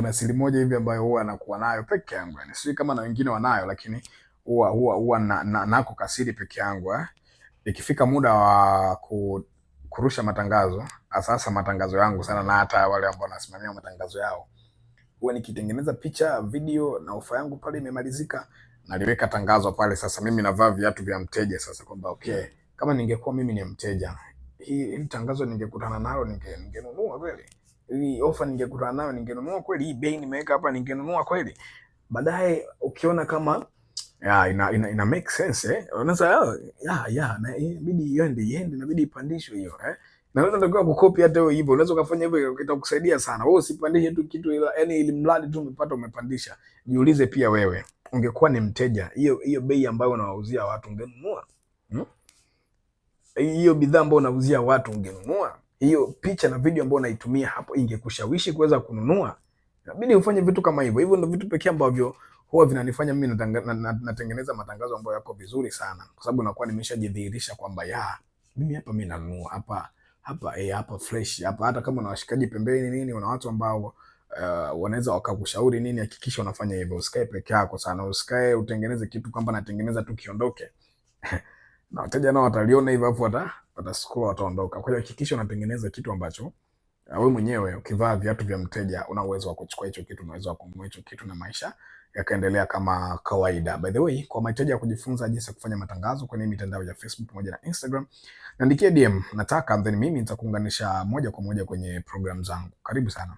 kuna siri moja hivi ambayo huwa anakuwa nayo peke yangu, yani sio kama na wengine wanayo, lakini huwa huwa huwa na, na, nako kasiri peke yangu eh. Ikifika muda wa ku, kurusha matangazo, asasa matangazo yangu sana, na hata wale ambao wanasimamia matangazo yao, huwa nikitengeneza picha, video na ofa yangu pale imemalizika, naliweka tangazo pale. Sasa mimi navaa viatu vya mteja sasa, kwamba okay, kama ningekuwa mimi ni mteja, hii tangazo ningekutana nalo ninge, ningenunua kweli hii ofa ningekutana nayo ningenunua kweli? Hii bei nimeweka hapa ningenunua kweli? Baadaye ukiona kama ya, ina, ina, ina make sense eh, unaweza oh, ya ya na inabidi iende iende, inabidi ipandishwe hiyo eh, na unaweza ndio kukopi hata wewe hivyo, unaweza kufanya hivyo, itakusaidia sana wewe. Usipandishe tu kitu ila, yani ili mradi tu umepata umepandisha. Jiulize pia wewe, ungekuwa ni mteja, hiyo hiyo bei ambayo unawauzia watu ungenunua hmm? hiyo? hmm? bidhaa ambayo unauzia watu ungenunua? hiyo picha na video ambayo unaitumia hapo ingekushawishi kuweza kununua, inabidi ufanye vitu kama hivyo. Hivyo ndio vitu pekee ambavyo huwa vinanifanya mimi natengeneza matangazo ambayo yako vizuri sana, kwa sababu nakuwa nimeshajidhihirisha kwamba ya mimi hapa mimi nanunua hapa hapa eh, hapa fresh hapa. Hata kama una washikaji pembeni nini, una watu ambao uh, wanaweza wakakushauri nini, hakikisha unafanya hivyo. Usikae peke yako sana, usikae utengeneze kitu kwamba natengeneza tu kiondoke na wateja nao wataliona hivyo, afu wata watascroll, wataondoka. Kwa hiyo hakikisha unatengeneza kitu ambacho wewe uh, mwenyewe ukivaa viatu vya mteja una uwezo wa kuchukua hicho kitu, una uwezo wa kununua hicho kitu na maisha yakaendelea kama kawaida. By the way, kwa mahitaji ya kujifunza jinsi ya kufanya matangazo kwenye mitandao ya Facebook pamoja na Instagram, niandikie DM nataka, then mimi nitakuunganisha moja kwa moja kwenye program zangu. Karibu sana.